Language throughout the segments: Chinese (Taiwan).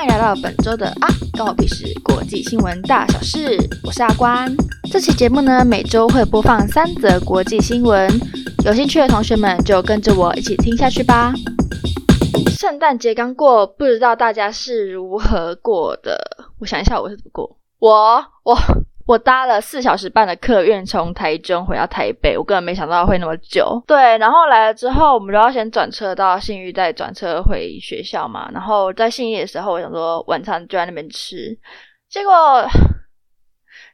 歡迎來到本周的啊，跟我比試國際新聞大小事，我是阿關。這期節目呢，每周會播放三則國際新聞，有興趣的同學們就跟着我一起聽下去吧。聖誕節剛過，不知道大家是如何過的？我想一下，我是怎麼過？我我。我搭了四小時半的客運，從台中回到台北，我根本沒想到會那麼久。對，然後來了之後，我們都要先轉車到信義，再轉車回學校嘛。然後在信義的時候，我想說晚餐就在那邊吃，結果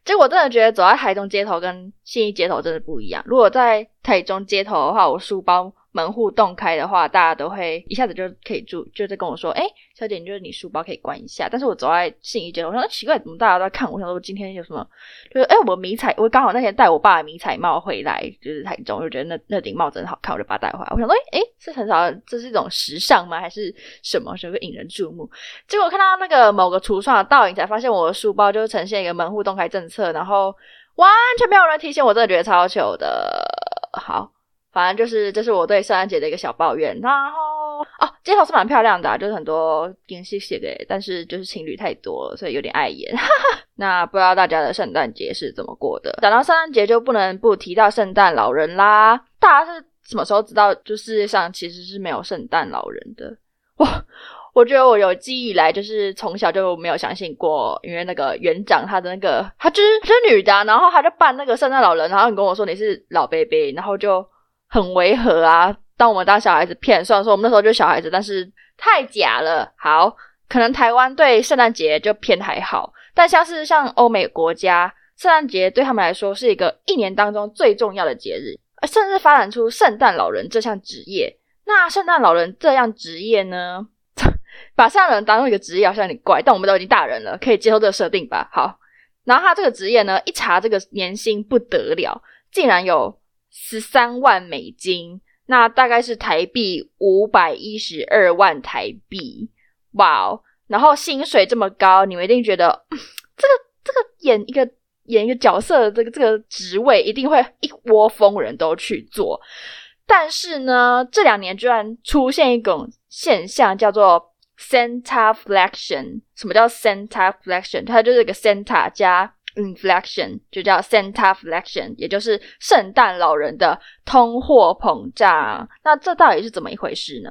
結果真的覺得走在台中街頭跟信義街頭真的不一樣。如果在台中街頭的話，我書包。門戶洞開的話，大家都會一下子就可以住，就在跟我說：“哎、欸，小姐，你就是你書包可以關一下。”但是我走在信義街，我想說奇怪，怎麼大家都在看我？想說，今天有什麼？就是哎、欸，我迷彩，我剛好那天帶我爸的迷彩帽回來，就是太重，我就覺得那那頂帽真好看，我就把它帶回來。我想說，哎、欸、哎，是很少，這是一種時尚嗎？還是什麼？時候會引人注目？結果看到那個某個櫥窗的倒影，才發現我的書包就呈現一個門戶洞開政策，然後完全沒有人提醒我，真的覺得超糗的。好。反正就是，這是我對聖誕節的一個小抱怨。然後哦，街頭是蠻漂亮的，啊，就是很多影戲寫的，但是就是情侶太多了，所以有點礙眼。 那不知道大家的聖誕節是怎麼過的？講到聖誕節，就不能不提到聖誕老人啦。大家是什麼時候知道，就是、世界上其實是沒有聖誕老人的？哇，我覺得我有記憶以來，就是從小就沒有相信過，因為那個園長她的那個，她就是他就是女的，啊，然後她就扮那個聖誕老人，然後你跟我說你是老杯杯，然後就。很違和啊！當我們當小孩子騙，雖然說我們那時候就是小孩子，但是太假了。好，可能台灣對聖誕節就偏還好，但像是像歐美國家，聖誕節對他們來說是一個一年當中最重要的節日，甚至發展出聖誕老人這項職業。那聖誕老人這樣職業呢？ 把聖誕老人當成一個職業，好像有點怪，但我們都已經大人了，可以接受這個設定吧？好，然後他這個職業呢，一查這個年薪不得了，竟然有。十三萬美金，那大概是台幣五百一十二萬台幣，哇、wow、哦！然後薪水這麼高，你們一定覺得、嗯、這個這個演一個演一個角色的這個這個職位，一定會一窩蜂人都去做。但是呢，這兩年居然出現一種現象，叫做 Santaflation。什麼叫 Santaflation？它就是一個 Santa 加。Inflation 就叫 Santaflation 也就是聖誕老人的通貨膨脹。那這到底是怎麼一回事呢？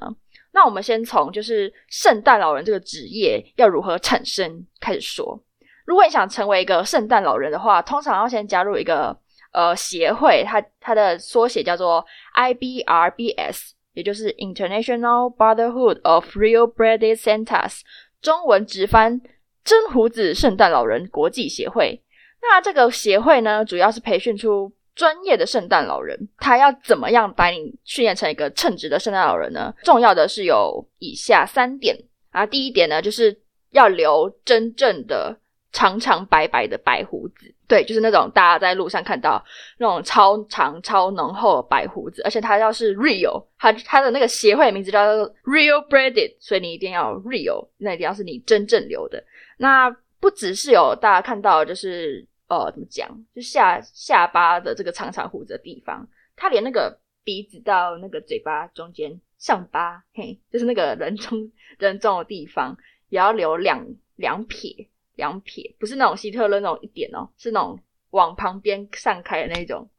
那我們先從就是聖誕老人這個職業要如何產生開始說。如果你想成為一個聖誕老人的話，通常要先加入一個呃協會，它它的縮寫叫做 IBRBS，也就是 International Brotherhood of Real Bearded Santas，中文直翻真胡子聖誕老人國際協會。那這個協會呢，主要是培訓出專業的聖誕老人。他要怎麼樣把你訓練成一個稱職的聖誕老人呢？重要的是有以下三點啊。第一點呢，就是要留真正的長長白白的白鬍子。對，就是那種大家在路上看到那種超長超濃厚的白鬍子。而且他要是 real，他他的那個協會名字叫做 real bearded，所以你一定要 real，那一定要是你真正留的。那不只是有大家看到就是。哦，怎麼講？就下下巴的這個長長鬍子的地方，他連那個鼻子到那個嘴巴中間上巴，嘿，就是那個人中人中的地方，也要留兩兩撇兩撇，不是那種希特勒那種一點哦，是那種往旁邊散開的那種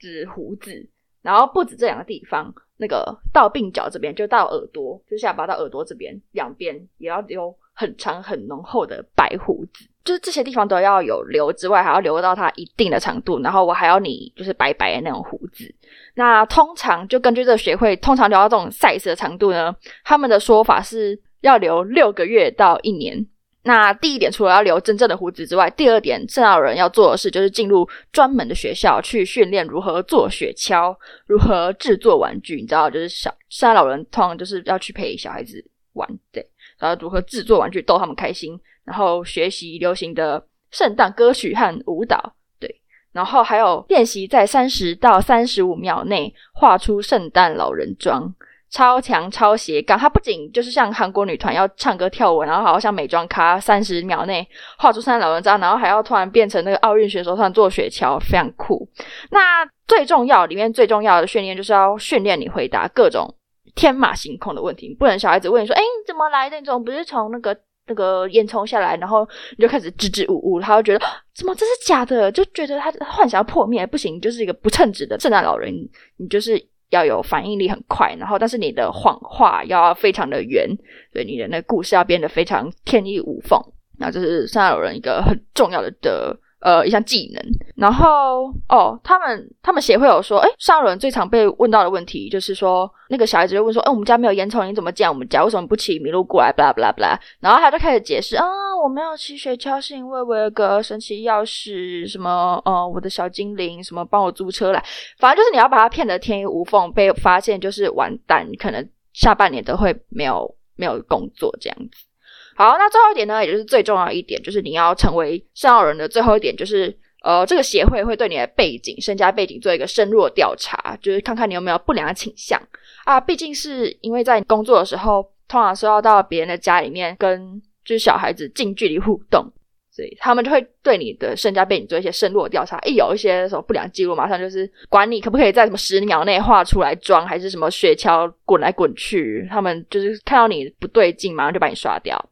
紙鬍子。然後不止這兩個地方，那個到鬢角這邊，就到耳朵，就下巴到耳朵這邊兩邊，也要留很長很濃厚的白鬍子。就是這些地方都要有留之外，還要留到它一定的長度。然後我還要你就是白白的那種鬍子。那通常就根據這個學會，通常留到這種賽事的長度呢，他們的說法是要留六個月到一年。那第一點，除了要留真正的鬍子之外，第二點，聖誕老人要做的事就是進入專門的學校去訓練如何做雪橇，如何制作玩具。你知道，就是小聖誕老人通常就是要去陪小孩子玩，對，然後如何制作玩具逗他們開心。然後學習流行的聖誕歌曲和舞蹈，對，然後還有練習在三十到三十五秒內畫出聖誕老人妝，超強超斜槓。它不僅就是像韓國女團要唱歌跳舞，然後還要像美妝咖三十秒內畫出聖誕老人妝，然後還要突然變成那個奧運選手，突然坐雪橇，非常酷。那最重要，裡面最重要的訓練就是要訓練你回答各種天馬行空的問題。不能小孩子問你說：“哎，怎麼來那種不是從那個？”那個煙囪下來，然後你就開始支支吾吾，他會覺得怎麼這是假的，就覺得他幻想要破滅，不行，就是一個不稱職的聖誕老人，你就是要有反應力很快，然後但是你的謊話要非常的圓，對，你的那個故事要編得非常天衣無縫，那就是聖誕老人一個很重要的的。呃，一項技能，然後哦，他們他們協會有說，哎、欸，上輪最常被問到的問題就是說，那個小孩子就問說，哎、欸，我們家沒有煙囪，你怎麼進我們家？為什麼不騎麋鹿過來？巴拉巴拉巴拉，然後他就開始解釋，啊、嗯，我沒有騎雪橇，是因為我有個神奇鑰匙，什麼呃、嗯，我的小精靈什麼幫我租車來，反正就是你要把他騙得天衣無縫，被發現就是完蛋，可能下半年都會沒有沒有工作這樣子。好，那最後一點呢，也就是最重要一點，就是你要成為聖誕老人的最後一點，就是呃，這個協會會對你的背景、身家背景做一個深入的調查，就是看看你有沒有不良傾向啊。畢竟是因為在工作的時候，通常是要到別人的家裡面跟就是小孩子近距離互動，所以他們就會對你的身家背景做一些深入的調查。一有一些什麼不良記錄，馬上就是管你可不可以在什麼十秒內畫出來妝，還是什麼雪橇滾來滾去，他們就是看到你不對勁，馬上就把你刷掉。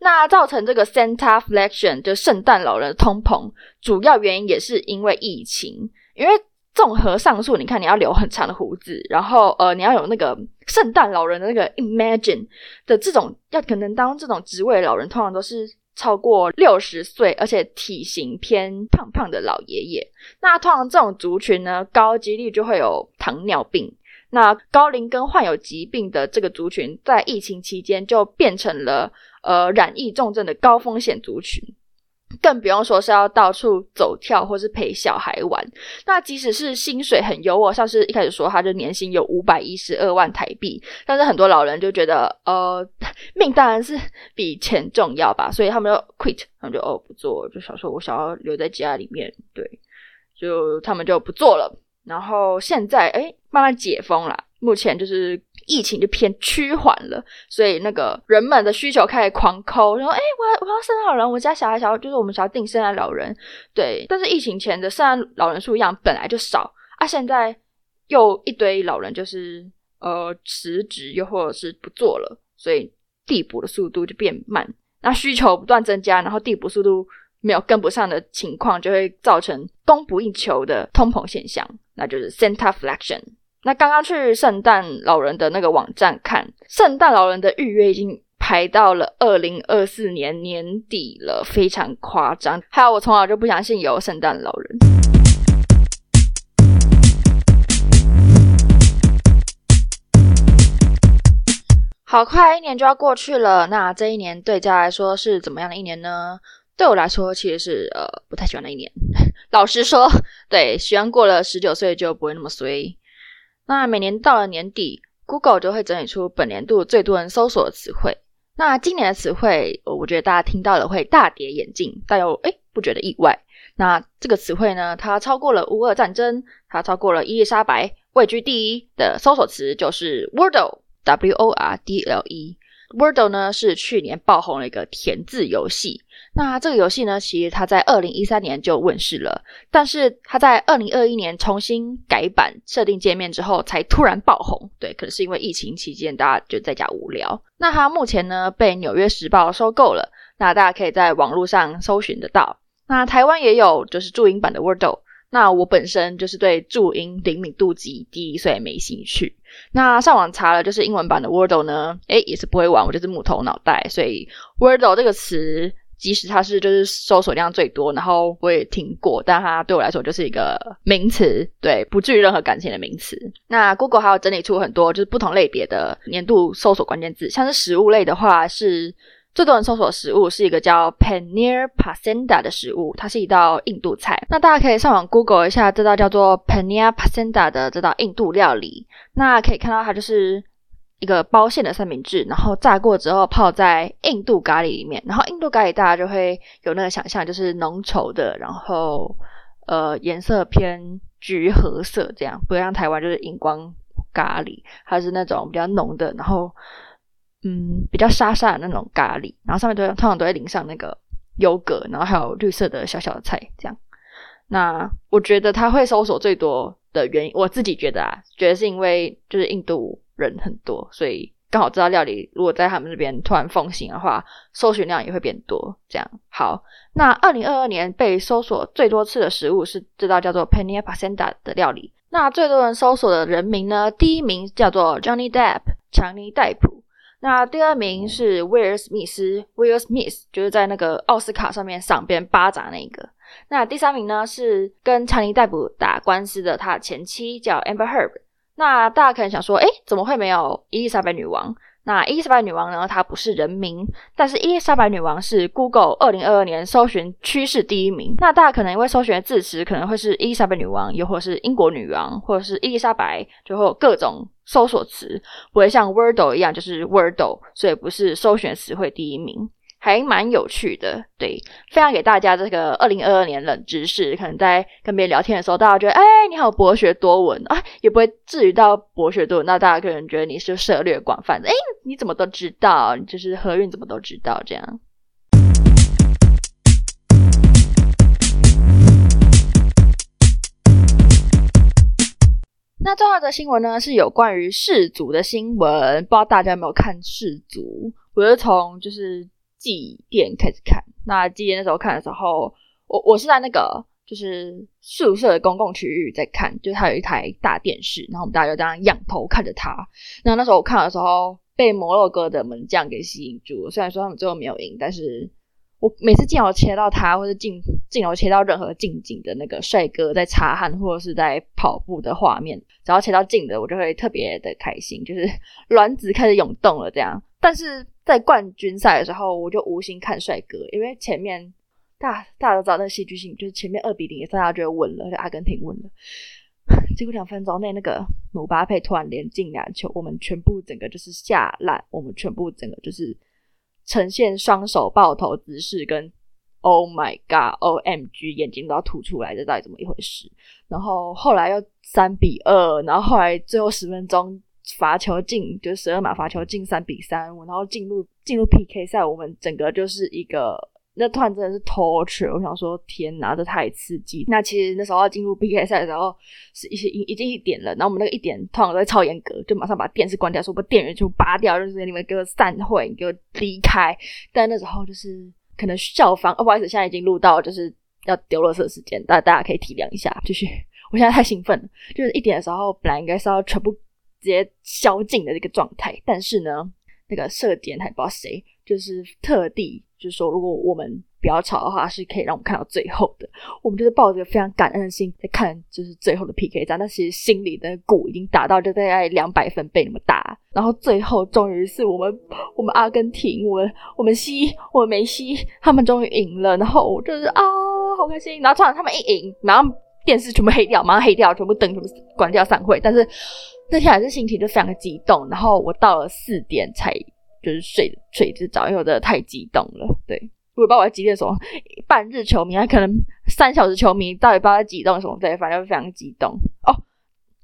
那造成這個 santaflation 就聖誕老人的通膨，主要原因也是因為疫情。因為綜合上述，你看你要留很長的鬍子，然後呃，你要有那個聖誕老人的那個 imagine 的這種，要可能當這種職位，老人通常都是超過六十歲，而且體型偏胖胖的老爺爺。那通常這種族群呢，高幾率就會有糖尿病。那高齡跟患有疾病的這個族群，在疫情期間就變成了。呃，染疫重症的高風險族群，更不用說是要到處走跳或是陪小孩玩。那即使是薪水很優渥，像是一開始說，他就年薪有五百一十二萬台幣，但是很多老人就覺得，呃，命當然是比錢重要吧，所以他們就 quit，他們就哦不做，就想說我想要留在家裡面，對，就他們就不做了。然後現在哎，慢慢解封了。目前就是疫情就偏趨緩了，所以那個人們的需求開始狂摳，然後誒、欸，我我要聖誕老人，我家小孩小，就是我們想要訂聖誕老人。”對，但是疫情前的聖誕老人數量本來就少啊，現在又一堆老人就是呃辭職又或者是不做了，所以遞補的速度就變慢。那需求不斷增加，然後遞補速度沒有跟不上的情況，就會造成供不應求的通膨現象，那就是 Santaflation 那剛剛去聖誕老人的那個網站看，聖誕老人的預約已經排到了二零二四年年底了，非常誇張。還有我從小就不相信有聖誕老人。好快，一年就要過去了。那這一年對大家來說是怎麼樣的一年呢？對我來說，其實是呃不太喜歡的一年。老實說，對，希望過了十九歲就不會那麼衰。那每年到了年底，Google 就會整理出本年度最多人搜索的詞彙。那今年的詞彙，我覺得大家聽到的會大跌眼鏡，但又誒、欸、不覺得意外。那這個詞彙呢，它超過了烏俄戰爭，它超過了伊麗莎白，位居第一的搜索詞就是 Wordle，W-O-R-D-L-E -E。Wordle 呢，是去年爆紅了一個填字遊戲。那這個遊戲呢，其實它在二零一三年就問世了，但是它在二零二一年重新改版設定界面之後，才突然爆紅。對，可能是因為疫情期間大家就在家無聊。那它目前呢，被紐約時報收購了，那大家可以在網絡上搜尋得到。那台灣也有就是注音版的 Wordle。那我本身就是對注音靈敏度極低，所以沒興趣。那上網查了，就是英文版的 Wordle 呢，哎，也是不會玩，我就是木頭腦袋。所以 Wordle 這個詞，即使它是就是搜索量最多，然後我也聽過，但它對我來說就是一個名詞，對，不至於任何感情的名詞。那 Google 還有整理出很多就是不同類別的年度搜索關鍵字，像是食物類的話是。最多人搜索的食物是一個叫 paneer pasanda 的食物，它是一道印度菜。那大家可以上網 Google 一下這道叫做 paneer pasanda 的這道印度料理。那可以看到它就是一個包餡的三明治，然後炸過之後泡在印度咖喱裡，裡面。然後印度咖喱大家就會有那個想象，就是濃稠的，然後呃顏色偏橘褐色這樣，不會像台灣就是熒光咖喱，它是那種比較濃的，然後。嗯，比較沙沙的那種咖喱，然後上面都會通常都會淋上那個優格，然後還有綠色的小小的菜這樣。那我覺得他會搜索最多的原因，我自己覺得啊，覺得是因為就是印度人很多，所以剛好這道料理如果在他們那邊突然奉行的話，搜尋量也會變多這樣。好，那二零二二年被搜索最多次的食物是這道叫做 Paneer Pasanda 的料理。那最多人搜索的人名呢，第一名叫做 Johnny Depp 強尼戴普。那第二名是威爾史密斯，威爾史密斯就是在那個奧斯卡上面賞編巴掌那一個。那第三名呢是跟強尼戴普打官司的，他前妻叫 Amber Heard。那大家可能想說，哎，怎麼會沒有伊麗莎白女王？那伊麗莎白女王呢？她不是人名，但是伊麗莎白女王是 Google 二零二二年搜尋趨勢第一名。那大家可能因為搜尋的字詞可能會是伊麗莎白女王，又或者是英國女王，或者是伊麗莎白，就會有各種。搜索詞不會像 Wordle 一樣，就是 Wordle，所以不是搜尋詞彙第一名，還蠻有趣的。對，分享給大家這個二零二二年冷知識，可能在跟別人聊天的時候，大家覺得，哎，你好博學多聞啊，也不會至於到博學多聞，那大家可能覺得你是涉獵廣泛的，哎，你怎麼都知道？你就是何運怎麼都知道這樣？那最後的新聞呢，是有關於世足的新聞。不知道大家有沒有看世足？我是從就是季殿開始看。那季殿那時候看的時候，我我是在那個就是宿舍的公共區域在看，就它有一台大電視，然後我們大家就這樣仰頭看着它。那那時候我看的時候，被摩洛哥的門將給吸引住了。雖然說他們最後沒有贏，但是。我每次鏡頭切到他，或者鏡鏡頭切到任何近景的那個帥哥在擦汗或者是在跑步的畫面，只要切到近的，我就會特別的開心，就是卵子開始湧動了這樣。但是在冠軍賽的時候，我就無心看帥哥，因為前面大，大家都知道那個戲劇性，就是前面二比零，也是大家覺得穩了，就阿根廷穩了。結果兩分鐘內，那個姆巴佩突然連進兩球，我們全部整個就是下爛，我們全部整個就是。呈現雙手抱頭姿勢，跟 Oh my God, OMG，眼睛都要凸出來，這到底怎麼一回事？然後後來又三比二，然後後來最後十分鐘罰球進，就是十二碼罰球進三比三，然後進入進入 PK 賽，我們整個就是一個。那突然真的是 torture，我想說天哪，這太刺激。那其實那時候要進入 PK 賽的時候，是一些已經一點了，然後我們那個一點突然我在超嚴格，就馬上把電視關掉，說把電源就拔掉，就是你們給我散會，你給我離開。但那時候就是可能校方、哦，不好意思，現在已經錄到就是要丟了這時間，大大家可以體諒一下，繼續。我現在太興奮了，就是一點的時候，本來應該是要全部直接宵禁的這個狀態，但是呢，那個射點還不知道誰。就是特地，就是說，如果我們不要吵的話，是可以讓我們看到最後的。我們就是抱着非常感恩的心在看，就是最後的 PK 戰。但其實心裡的鼓已經打到就大概兩百分貝那麼大。然後最後，終於是我們，我們阿根廷，我們，我們西，我們梅西，他們終於贏了。然後我就是啊，好開心。然後突然他們一贏，然後電視全部黑掉，馬上黑掉，全部燈全部關掉，散會。但是那天還是心情就非常的激動。然後我到了四點才。就是睡睡得早，因為我真的太激動了。對，如果不知道我在激動什麼，半日球迷，還可能三小時球迷，到底不知道在激動什麼？對，反正就非常激動哦。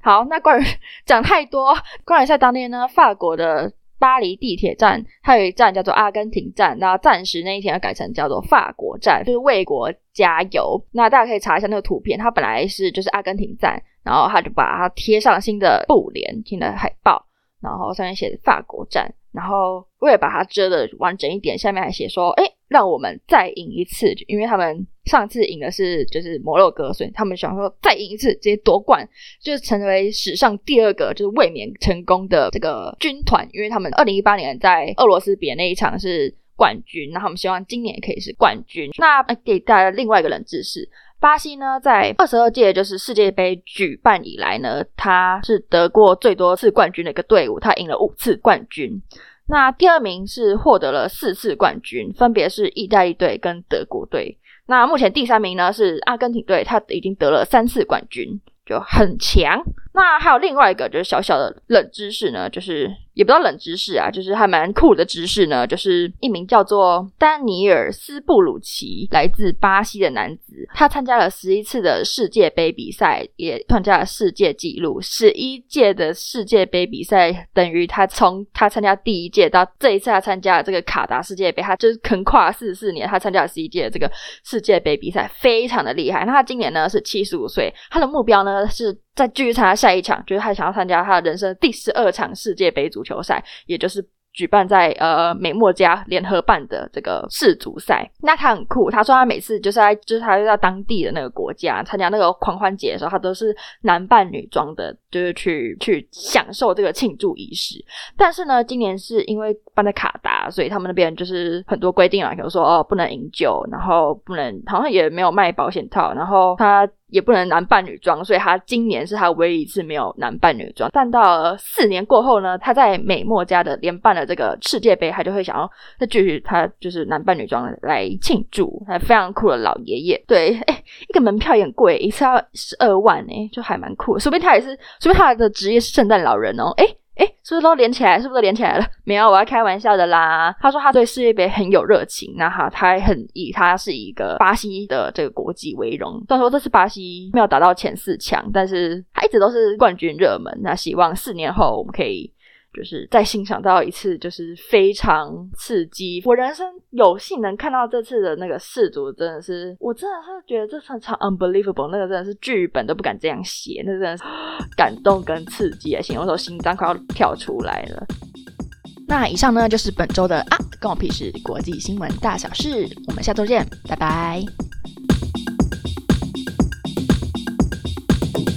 好，那關於講太多，關於在當天呢，法國的巴黎地鐵站，它有一站叫做阿根廷站，那暫時那一天要改成叫做法國站，就是為國加油。那大家可以查一下那個圖片，它本來是就是阿根廷站，然後他就把它貼上新的布聯、新的海報，然後上面寫著法國站。然後為了把它遮的完整一點，下面還寫說：“哎，讓我們再贏一次，因為他們上次贏的是就是摩洛哥，所以他們想說再贏一次，直接奪冠，就是成為史上第二個就是衛冕成功的這個軍團。因為他們二零一八年在俄羅斯比的那一場是冠軍，然後他們希望今年也可以是冠軍。那給大家另外一個冷知識。”巴西呢，在二十二屆就是世界杯舉辦以來呢，它是得過最多次冠軍的一個隊伍，它贏了五次冠軍。那第二名是獲得了四次冠軍，分別是意大利隊跟德國隊。那目前第三名呢是阿根廷隊，他已經得了三次冠軍，就很強。那還有另外一個就是小小的冷知識呢，就是。也不知道冷知識啊，就是還蠻酷的知識呢。就是一名叫做丹尼爾斯布魯奇，來自巴西的男子，他參加了十一次的世界杯比賽，也創下了世界紀錄。十一屆的世界杯比賽，等於他從他參加第一屆到這一次他參加了這個卡達世界杯，他就是橫跨了四十四年，他參加了十一屆的這個世界杯比賽，非常的厲害。那他今年呢是七十五歲，他的目標呢是再繼續參加下一場，就是他想要參加他人生第十二場世界杯組。足球賽，也就是舉辦在呃美墨加聯合辦的這個世足賽，那他很酷，他說他每次就是在就是他就在當地的那個國家參加那個狂歡節的時候，他都是男扮女裝的，就是去去享受這個慶祝儀式。但是呢，今年是因為辦在卡達，所以他們那邊就是很多規定啊，比如說哦不能飲酒，然後不能好像也沒有賣保險套，然後他。也不能男扮女裝，所以他今年是他唯一一次沒有男扮女裝。但到了四年過後呢，他在美墨加的連辦了這個世界杯，他就會想要再繼續，他就是男扮女裝來慶祝，他非常酷的老爺爺。對，誒、欸、一個門票也很貴，一次要十二萬呢、欸，就還蠻酷。說不定他也是，說不定他的職業是聖誕老人哦、喔，誒、欸。哎、欸，是不是都連起來？是不是都連起來了？沒有，我要開玩笑的啦。他說他對世界杯很有熱情，那哈他還很以他是一個巴西的這個國籍為榮。雖然說這次巴西沒有達到前四強，但是他一直都是冠軍熱門。那希望四年後我們可以。就是再欣賞到一次，就是非常刺激。我人生有幸能看到這次的那個世足，真的是，我真的是覺得這算超 unbelievable，那個真的是劇本都不敢這樣寫，那真的是感動跟刺激啊！形容說心臟快要跳出來了。那以上呢就是本周的啊，關我屁事國際新聞大小事，我們下周見，拜拜。